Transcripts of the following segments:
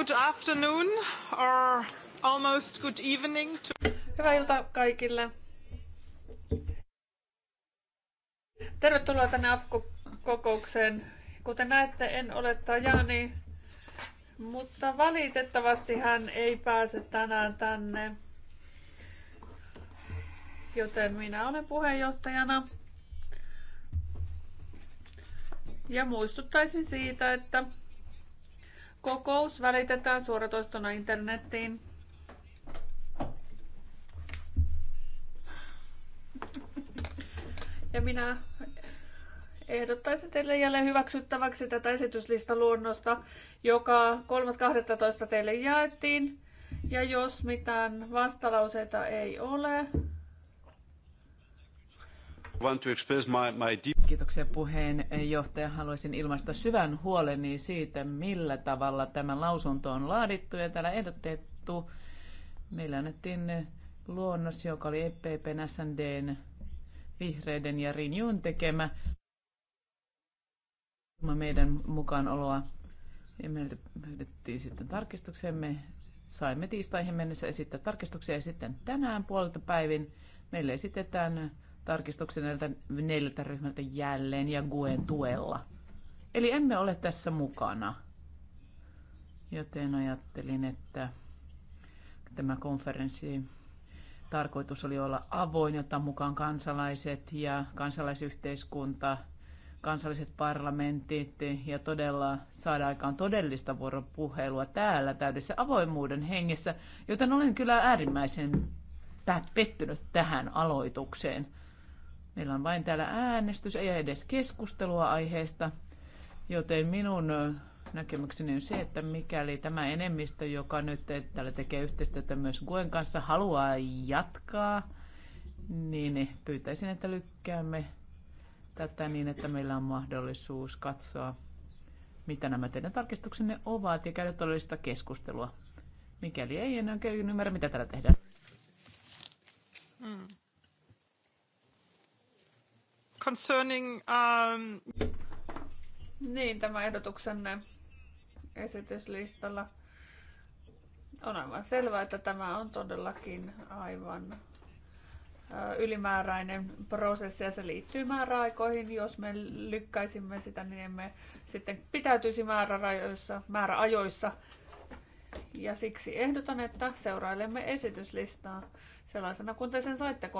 Good afternoon or almost good evening. To... Hyvää iltaa kaikille. Tervetuloa tänne AFKO-kokoukseen. Kuten näette, en ole Tajani, mutta valitettavasti hän ei pääse tänään tänne. Joten minä olen puheenjohtajana. Ja muistuttaisin siitä, että Kokous välitetään suoratoistona internettiin. Ja minä ehdottaisin teille jälleen hyväksyttäväksi tätä esityslistaluonnosta, joka 3.12. teille jaettiin. Ja jos mitään vastalauseita ei ole, Kiitoksia puheenjohtaja. Haluaisin ilmaista syvän huoleni siitä, millä tavalla tämä lausunto on laadittu ja täällä ehdotettu. Meillä annettiin luonnos, joka oli EPP, SNDn, vihreiden ja Rinjun tekemä meidän mukaanoloa. Ja meiltä pyydettiin sitten tarkistuksemme. Saimme tiistaihin mennessä esittää tarkistuksia ja sitten tänään puolelta päivin meille esitetään tarkistuksen näiltä neljältä ryhmältä jälleen ja Guen tuella. Eli emme ole tässä mukana. Joten ajattelin, että tämä konferenssi tarkoitus oli olla avoin, jota mukaan kansalaiset ja kansalaisyhteiskunta, kansalliset parlamentit ja todella saada aikaan todellista vuoropuhelua täällä täydessä avoimuuden hengessä, joten olen kyllä äärimmäisen pettynyt tähän aloitukseen. Meillä on vain täällä äänestys, ei edes keskustelua aiheesta, joten minun näkemykseni on se, että mikäli tämä enemmistö, joka nyt täällä tekee yhteistyötä myös Guen kanssa, haluaa jatkaa, niin pyytäisin, että lykkäämme tätä niin, että meillä on mahdollisuus katsoa, mitä nämä teidän tarkistuksenne ovat ja käydä todellista keskustelua. Mikäli ei, en oikein ymmärrä, mitä täällä tehdään. Mm concerning... Um... Niin, tämä ehdotuksenne esityslistalla. On aivan selvää, että tämä on todellakin aivan ylimääräinen prosessi ja se liittyy määräaikoihin. Jos me lykkäisimme sitä, niin emme sitten pitäytyisi määrärajoissa, määräajoissa, ja siksi ehdotan, että seurailemme esityslistaa sellaisena, kun te sen saitte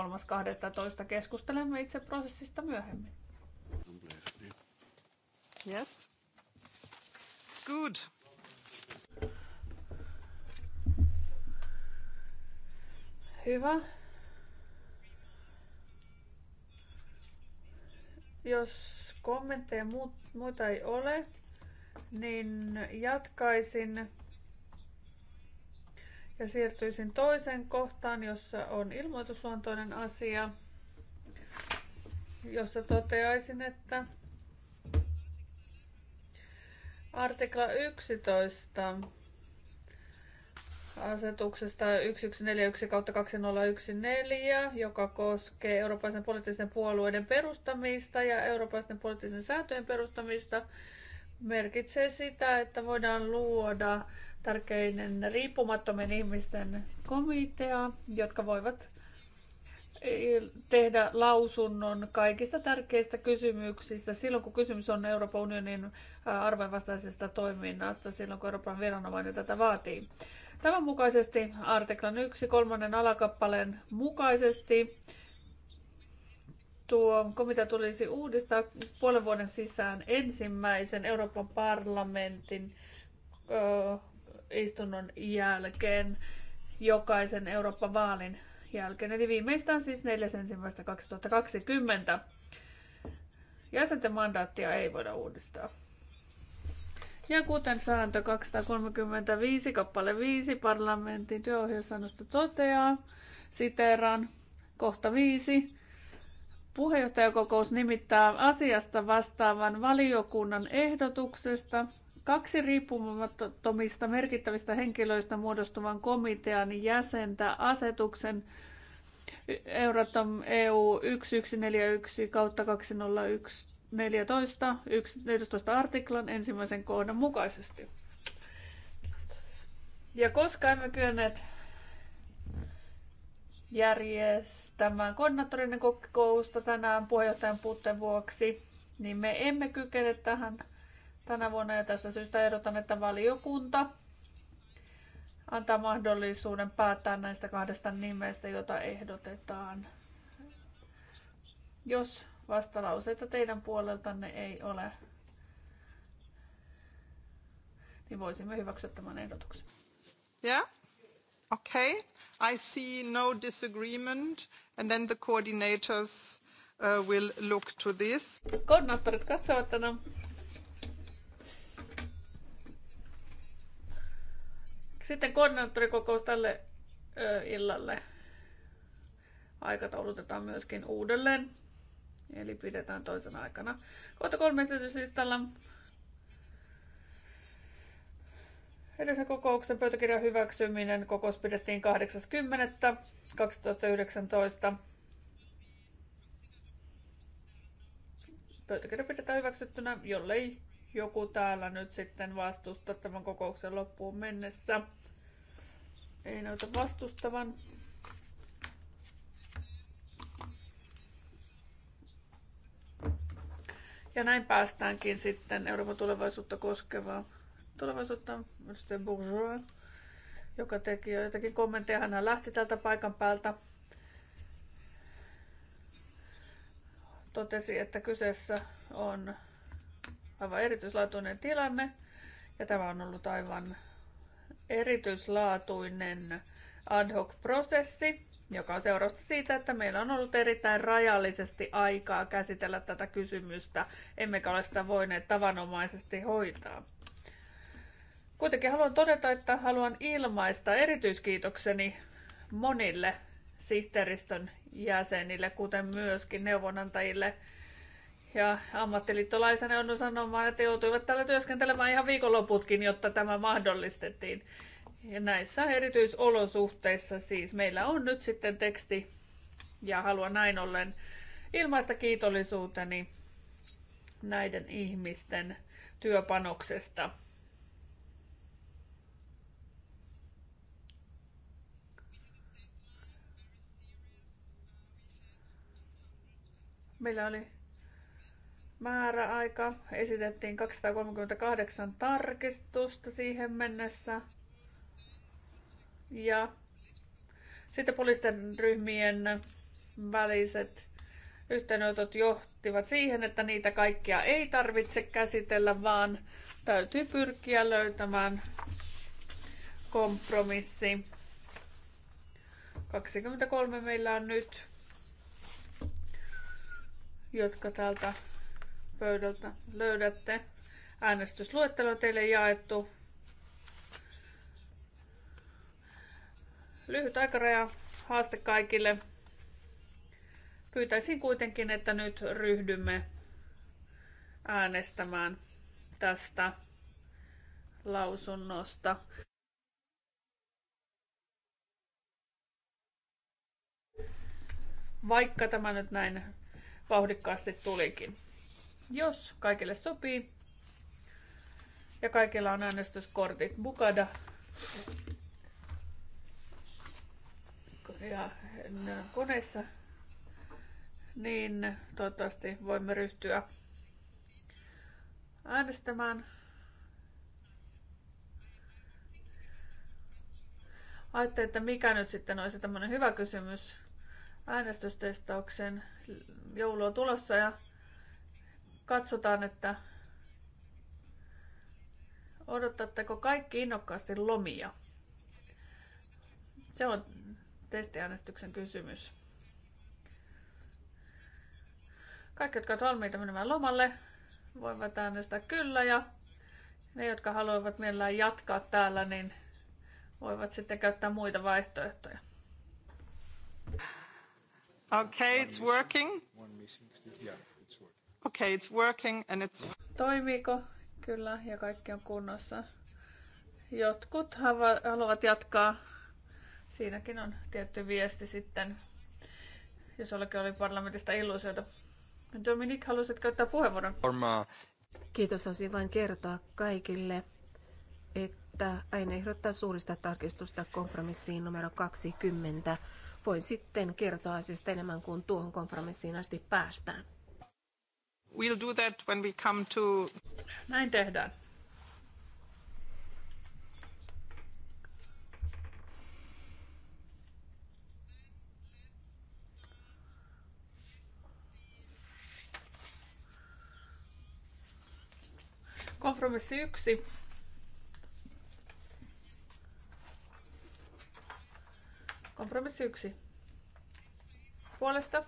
3.12. Keskustelemme itse prosessista myöhemmin. Yes. Good. Hyvä. Jos kommentteja muut, ei ole, niin jatkaisin ja siirtyisin toisen kohtaan, jossa on ilmoitusluontoinen asia, jossa toteaisin, että artikla 11 asetuksesta 1141-2014, joka koskee eurooppalaisen poliittisten puolueiden perustamista ja eurooppalaisten poliittisten sääntöjen perustamista, merkitsee sitä, että voidaan luoda tärkeinen riippumattomien ihmisten komitea, jotka voivat eh, tehdä lausunnon kaikista tärkeistä kysymyksistä silloin, kun kysymys on Euroopan unionin arvoinvastaisesta toiminnasta, silloin kun Euroopan viranomainen tätä vaatii. Tämän mukaisesti artiklan 1 kolmannen alakappaleen mukaisesti tuo komitea tulisi uudistaa puolen vuoden sisään ensimmäisen Euroopan parlamentin istunnon jälkeen jokaisen Euroopan vaalin jälkeen, eli viimeistään siis 4.1.2020. Jäsenten mandaattia ei voida uudistaa. Ja kuten sääntö 235 kappale 5 parlamentin työohjelmasta toteaa, siteeraan kohta 5, puheenjohtajakokous nimittää asiasta vastaavan valiokunnan ehdotuksesta kaksi riippumattomista merkittävistä henkilöistä muodostuvan komitean jäsentä asetuksen Euratom EU 1141 kautta 2014 11 artiklan ensimmäisen kohdan mukaisesti. Ja koska emme kyenneet järjestämään koordinaattorinen kokousta tänään puheenjohtajan puutteen vuoksi, niin me emme kykene tähän tänä vuonna ja tästä syystä ehdotan, että valiokunta antaa mahdollisuuden päättää näistä kahdesta nimestä, jota ehdotetaan. Jos vastalauseita teidän puoleltanne ei ole, niin voisimme hyväksyä tämän ehdotuksen. Yeah? Okay. I see no disagreement and then the coordinators uh, will look to this. Koordinaattorit katsovat tänä Sitten koordinaattorikokous tälle ö, illalle aikataulutetaan myöskin uudelleen. Eli pidetään toisen aikana. Kohta kolme esityslistalla edellisen kokouksen pöytäkirjan hyväksyminen. Kokous pidettiin 8.10.2019. Pöytäkirja pidetään hyväksyttynä, jollei joku täällä nyt sitten vastusta tämän kokouksen loppuun mennessä. Ei näytä vastustavan. Ja näin päästäänkin sitten Euroopan tulevaisuutta koskevaan tulevaisuutta, Mr. Bourgeois, joka teki jo jotakin kommentteja. Hän lähti tältä paikan päältä. Totesi, että kyseessä on aivan erityislaatuinen tilanne ja tämä on ollut aivan erityislaatuinen ad hoc-prosessi, joka on seurausta siitä, että meillä on ollut erittäin rajallisesti aikaa käsitellä tätä kysymystä, emmekä ole sitä voineet tavanomaisesti hoitaa. Kuitenkin haluan todeta, että haluan ilmaista erityiskiitokseni monille sihteeristön jäsenille, kuten myöskin neuvonantajille, ja ammattiliittolaisena on sanomaan, että joutuivat täällä työskentelemään ihan viikonloputkin, jotta tämä mahdollistettiin. Ja näissä erityisolosuhteissa siis meillä on nyt sitten teksti ja haluan näin ollen ilmaista kiitollisuuteni näiden ihmisten työpanoksesta. Meillä oli määräaika. Esitettiin 238 tarkistusta siihen mennessä. Ja sitten poliisten ryhmien väliset yhteydenotot johtivat siihen, että niitä kaikkia ei tarvitse käsitellä, vaan täytyy pyrkiä löytämään kompromissi. 23 meillä on nyt, jotka täältä pöydältä löydätte. Äänestysluettelo teille jaettu. Lyhyt aikaraja, haaste kaikille. Pyytäisin kuitenkin, että nyt ryhdymme äänestämään tästä lausunnosta. Vaikka tämä nyt näin vauhdikkaasti tulikin. Jos kaikille sopii ja kaikilla on äänestyskortit mukana, ja koneessa, niin toivottavasti voimme ryhtyä äänestämään. Ajattelin, että mikä nyt sitten olisi tämmöinen hyvä kysymys äänestystestauksen joulua tulossa ja katsotaan, että odotatteko kaikki innokkaasti lomia. Se on testiäänestyksen kysymys. Kaikki, jotka ovat valmiita menemään lomalle, voivat äänestää kyllä ja ne, jotka haluavat mielellään jatkaa täällä, niin voivat sitten käyttää muita vaihtoehtoja. Okay, it's working. One missing. Yeah. Okay, it's working and it's... Toimiiko? Kyllä, ja kaikki on kunnossa. Jotkut haluavat jatkaa. Siinäkin on tietty viesti sitten, jos olikin oli parlamentista illuusioita. Dominik, haluaisit käyttää puheenvuoron? Kiitos, haluaisin vain kertoa kaikille, että aina ehdottaa suurista tarkistusta kompromissiin numero 20. Voin sitten kertoa asiasta enemmän kuin tuohon kompromissiin asti päästään. We'll do that when we come to... Näin tehdään. Kompromissi yksi. Kompromissi yksi. Puolesta.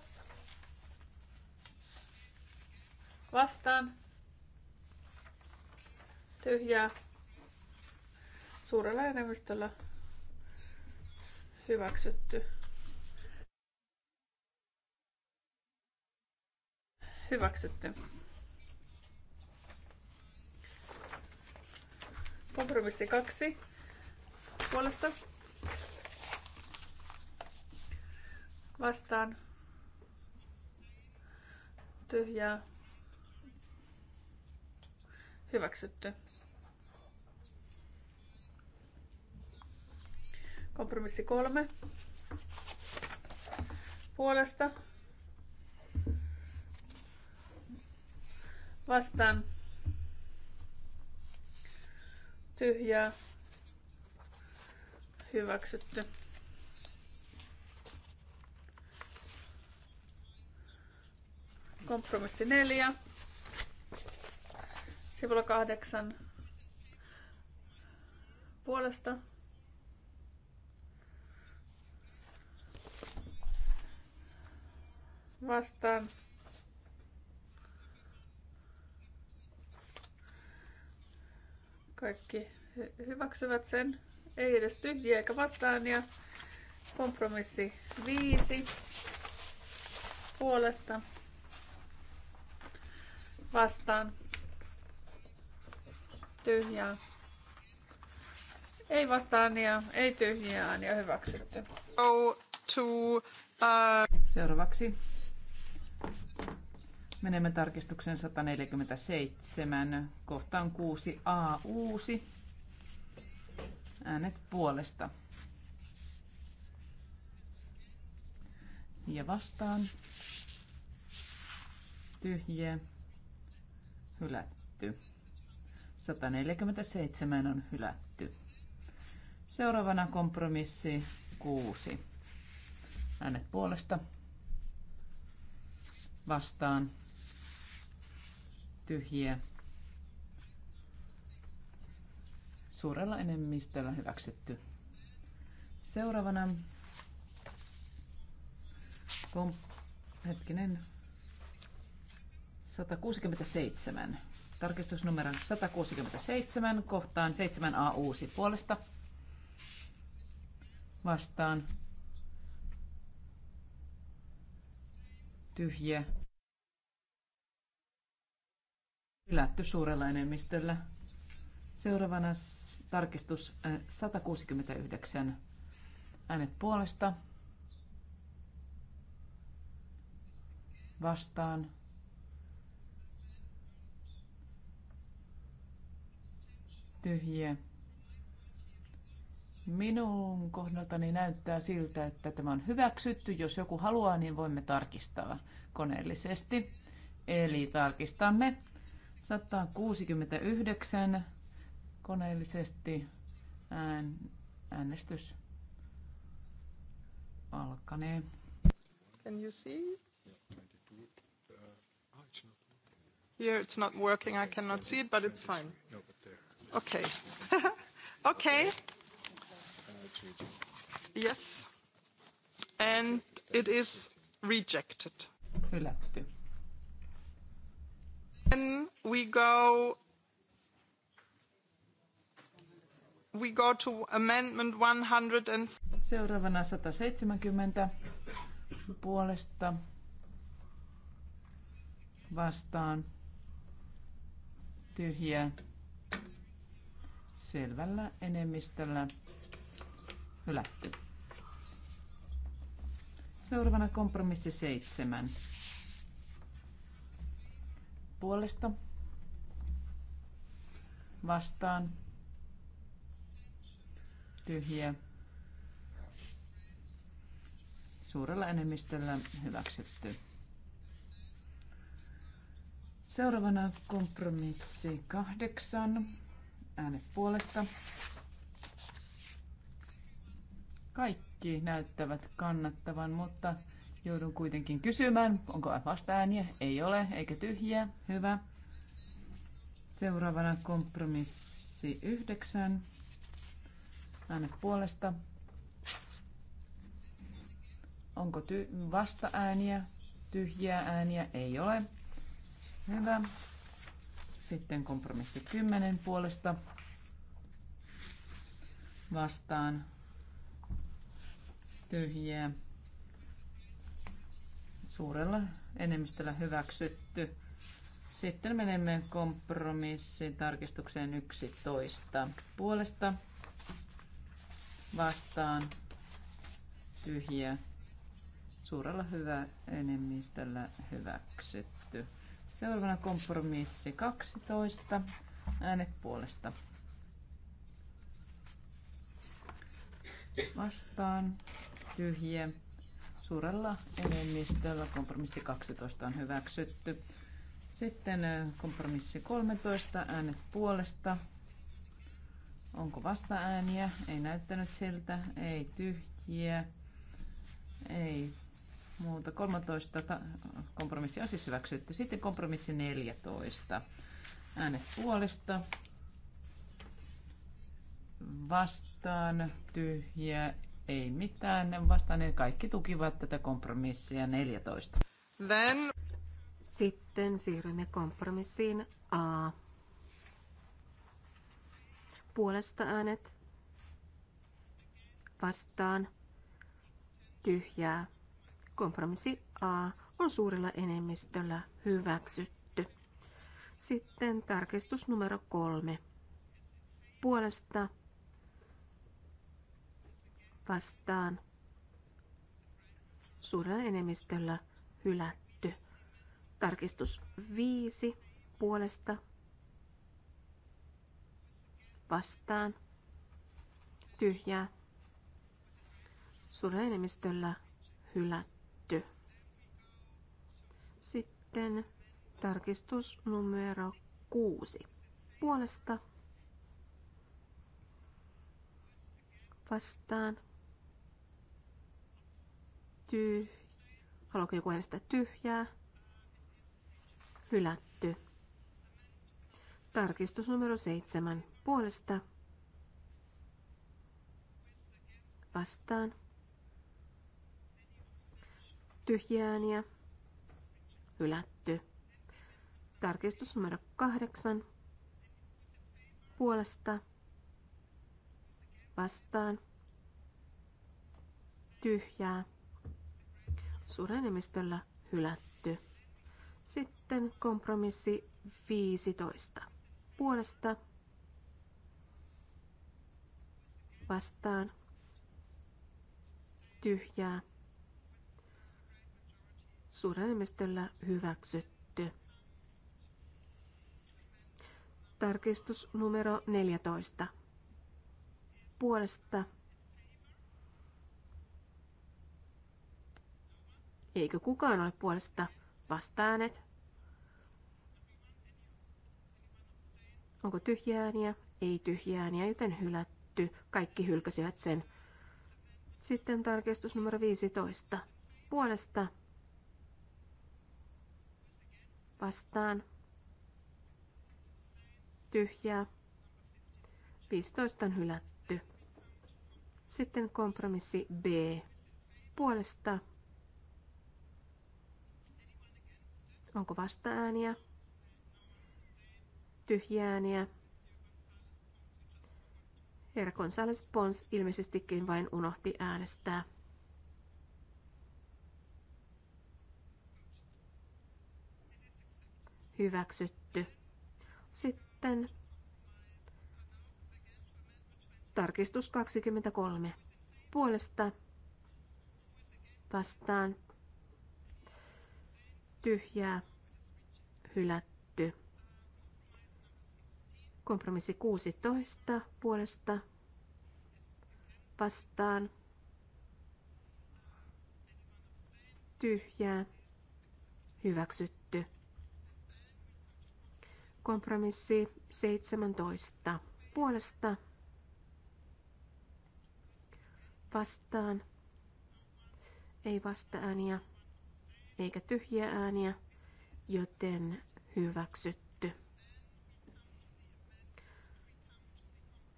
vastaan. Tyhjää. Suurella enemmistöllä hyväksytty. Hyväksytty. Kompromissi kaksi puolesta. Vastaan. Tyhjää Hyväksytty. Kompromissi kolme. Puolesta. Vastaan. Tyhjää. Hyväksytty. Kompromissi neljä. Sivulla kahdeksan puolesta. Vastaan. Kaikki hy- hyväksyvät sen. Ei edes tyhjiä eikä vastaan. Ja kompromissi viisi puolesta vastaan tyhjää. Ei vastaan ja ei tyhjää ja hyväksytty. Go to, uh... Seuraavaksi menemme tarkistuksen 147 kohtaan 6a uusi. Äänet puolesta. Ja vastaan. Tyhjiä. Hylätty. 147 on hylätty. Seuraavana kompromissi 6. Äänet puolesta. Vastaan. Tyhjiä. Suurella enemmistöllä hyväksytty. Seuraavana kom- hetkinen 167 Tarkistusnumero 167 kohtaan 7a uusi puolesta vastaan tyhjä hylätty suurella enemmistöllä. Seuraavana tarkistus 169 äänet puolesta vastaan tyhjiä. Minun kohdaltani näyttää siltä, että tämä on hyväksytty. Jos joku haluaa, niin voimme tarkistaa koneellisesti. Eli tarkistamme 169 koneellisesti ään, äänestys alkanee. Can you see? Here it's not working, I cannot see it, but it's fine. No, Okay. okay. Yes. And it is rejected. Then we go we go to amendment 100 and... Seuraavana 170 puolesta vastaan tyhjää selvällä enemmistöllä hylätty. Seuraavana kompromissi seitsemän. Puolesta vastaan tyhjä suurella enemmistöllä hyväksytty. Seuraavana kompromissi kahdeksan äänet puolesta. Kaikki näyttävät kannattavan, mutta joudun kuitenkin kysymään, onko vasta ääniä? Ei ole, eikä tyhjiä. Hyvä. Seuraavana kompromissi yhdeksän. Äänet puolesta. Onko ty- vasta ääniä? Tyhjiä ääniä? Ei ole. Hyvä. Sitten kompromissi 10 puolesta vastaan tyhjiä. Suurella enemmistöllä hyväksytty. Sitten menemme kompromissin tarkistukseen 11 puolesta vastaan tyhjiä. Suurella hyvä enemmistöllä hyväksytty. Seuraavana kompromissi 12. Äänet puolesta. Vastaan. tyhjä Suurella enemmistöllä kompromissi 12 on hyväksytty. Sitten kompromissi 13. Äänet puolesta. Onko vasta ääniä? Ei näyttänyt siltä. Ei tyhjiä. Ei muuta. 13 ta- kompromissia on siis hyväksytty. Sitten kompromissi 14. Äänet puolesta. Vastaan tyhjä, ei mitään. Vastaan ne kaikki tukivat tätä kompromissia 14. Then... Sitten siirrymme kompromissiin A. Puolesta äänet vastaan tyhjää Kompromissi A on suurella enemmistöllä hyväksytty. Sitten tarkistus numero kolme. Puolesta vastaan suurella enemmistöllä hylätty. Tarkistus viisi puolesta vastaan tyhjää suurella enemmistöllä hylätty. Sitten tarkistus numero kuusi. Puolesta vastaan. ty Haluatko joku äänestää tyhjää? Hylätty. Tarkistus numero seitsemän. Puolesta vastaan. Tyhjääniä hylätty. Tarkistus numero kahdeksan puolesta vastaan tyhjää suurenemistöllä hylätty. Sitten kompromissi 15 puolesta vastaan tyhjää suurenemmistöllä hyväksytty. Tarkistus numero 14. Puolesta. Eikö kukaan ole puolesta? Vastaanet. Onko tyhjääniä? Ei tyhjääniä, joten hylätty. Kaikki hylkäsivät sen. Sitten tarkistus numero 15. Puolesta vastaan tyhjää. 15 on hylätty. Sitten kompromissi B puolesta. Onko vastaääniä? Tyhjääniä? Herra Gonzales Pons ilmeisestikin vain unohti äänestää. hyväksytty. Sitten tarkistus 23 puolesta vastaan tyhjää hylätty. Kompromissi 16 puolesta vastaan tyhjää hyväksytty. Kompromissi 17. Puolesta vastaan. Ei vasta ääniä eikä tyhjiä ääniä, joten hyväksytty.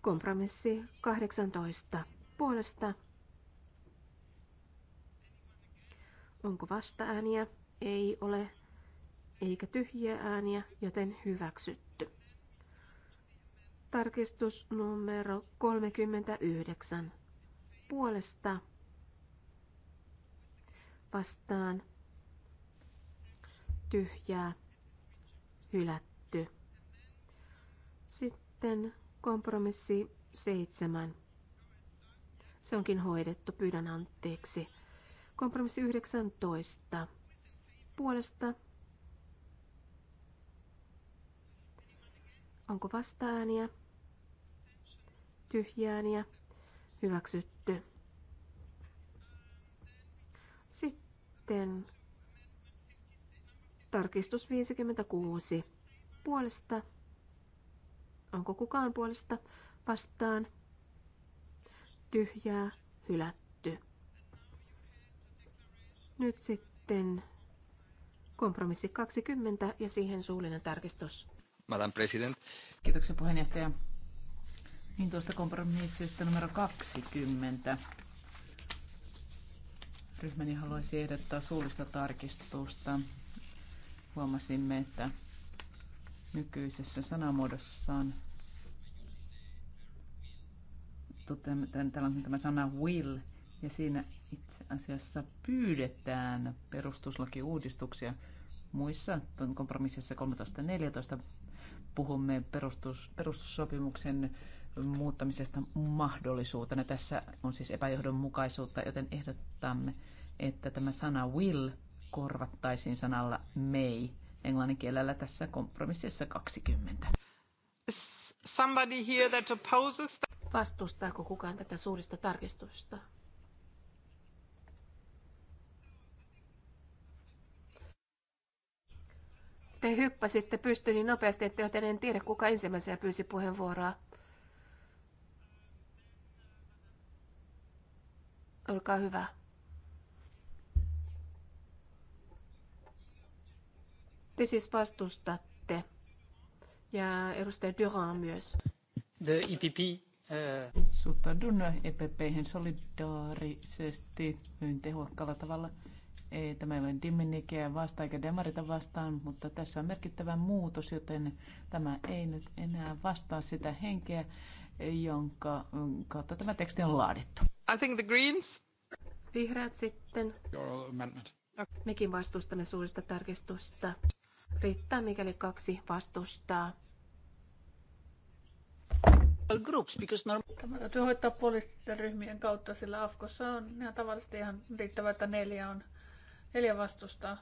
Kompromissi 18. Puolesta. Onko vasta ääniä? Ei ole eikä tyhjiä ääniä, joten hyväksytty. Tarkistus numero 39. Puolesta vastaan tyhjää hylätty. Sitten kompromissi 7. Se onkin hoidettu, pyydän anteeksi. Kompromissi 19. Puolesta Onko vastaääniä? Tyhjääniä? Hyväksytty. Sitten tarkistus 56. Puolesta. Onko kukaan puolesta? Vastaan. Tyhjää. Hylätty. Nyt sitten kompromissi 20 ja siihen suullinen tarkistus. Madam President. Kiitoksia puheenjohtaja. Niin tuosta kompromissista numero 20. Ryhmäni haluaisi ehdottaa suullista tarkistusta. Huomasimme, että nykyisessä sanamuodossaan täällä on tämä sana will, ja siinä itse asiassa pyydetään perustuslakiuudistuksia. Muissa tuon kompromississa 13.14 puhumme perustus, perustussopimuksen muuttamisesta mahdollisuutena. Tässä on siis epäjohdonmukaisuutta, joten ehdottamme, että tämä sana will korvattaisiin sanalla may englannin kielellä tässä kompromississa 20. Somebody here that opposes that. Vastustaako kukaan tätä suurista tarkistusta? Te hyppäsitte pystyyn niin nopeasti, että joten en tiedä, kuka ensimmäisenä pyysi puheenvuoroa. Olkaa hyvä. Te siis vastustatte. Ja edustaja Durand myös. The EPP. Uh... Äh, Suhtaudun EPP-hän solidaarisesti, hyvin tehokkaalla tavalla ei tämä ei ole Diminikeä vasta eikä Demarita vastaan, mutta tässä on merkittävä muutos, joten tämä ei nyt enää vastaa sitä henkeä, jonka kautta tämä teksti on laadittu. I think the Greens. Vihreät sitten. Your amendment. Mekin vastustamme suurista tarkistusta. Riittää, mikäli kaksi vastustaa. Groups, because Tämä täytyy hoitaa poliittisten ryhmien kautta, sillä Afkossa on ihan tavallisesti ihan riittävä, että neljä on Neljä vastustaa.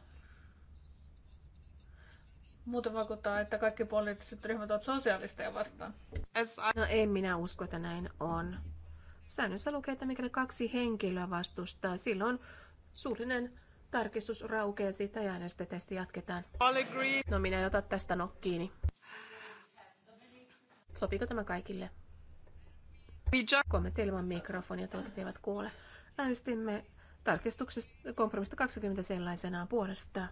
Muuta vaikuttaa, että kaikki poliittiset ryhmät ovat sosiaalisteja vastaan. No en minä usko, että näin on. Säännössä lukee, että mikäli kaksi henkilöä vastustaa, silloin suullinen tarkistus raukeaa siitä ja äänestetästä jatketaan. No minä en ota tästä nokkiini. Sopiiko tämä kaikille? Kommentti ilman mikrofonia, tuolta eivät kuule. Äänestimme Tarkistuksesta kompromista 20 sellaisenaan puolesta.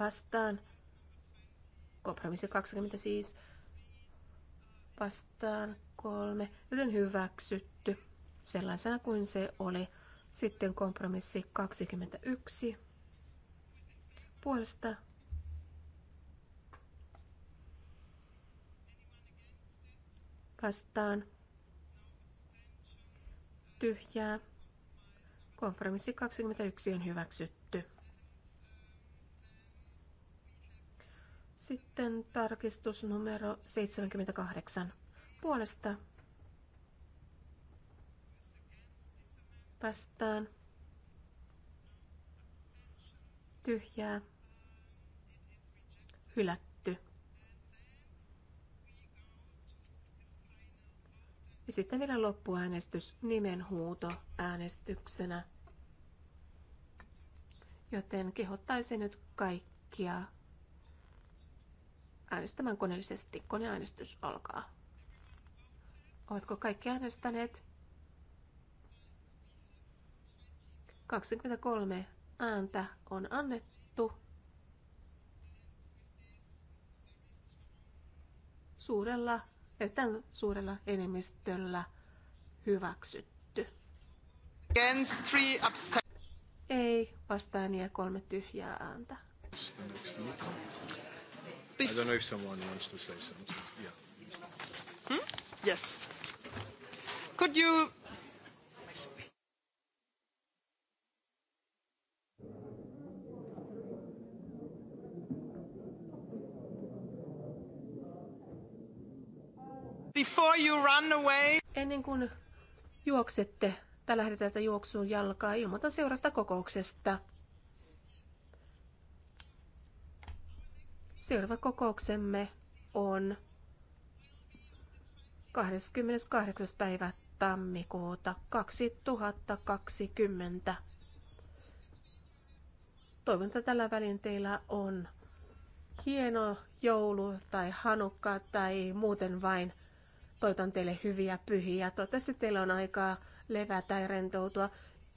Vastaan. Kompromissi 20 siis. Vastaan kolme, joten hyväksytty sellaisena kuin se oli. Sitten kompromissi 21 puolesta vastaan tyhjää. Kompromissi 21 on hyväksytty. Sitten tarkistus numero 78 puolesta vastaan tyhjää hylätty. Ja sitten vielä loppuäänestys nimenhuuto äänestyksenä. Joten kehottaisin nyt kaikkia äänestämään koneellisesti. Koneäänestys alkaa. Ovatko kaikki äänestäneet? 23 ääntä on annettu. Suurella erittäin suurella enemmistöllä hyväksytty. Against three Ei vastaan ja kolme tyhjää ääntä. I don't know if someone wants to say something. Yeah. Hmm? Yes. Could you before you run away. Ennen kuin juoksette tai lähdetään tätä juoksuun jalkaa, ilmoitan seurasta kokouksesta. Seuraava kokouksemme on 28. päivä tammikuuta 2020. Toivon, että tällä välin teillä on hieno joulu tai hanukka tai muuten vain Toivotan teille hyviä pyhiä. Toivottavasti teillä on aikaa levätä ja rentoutua.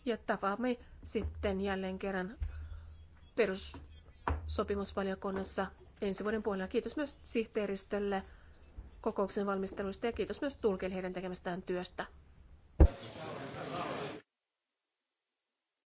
Ja tapaamme sitten jälleen kerran perussopimusvaliokunnassa ensi vuoden puolella. Kiitos myös sihteeristölle kokouksen valmisteluista ja kiitos myös tulkille heidän tekemästään työstä.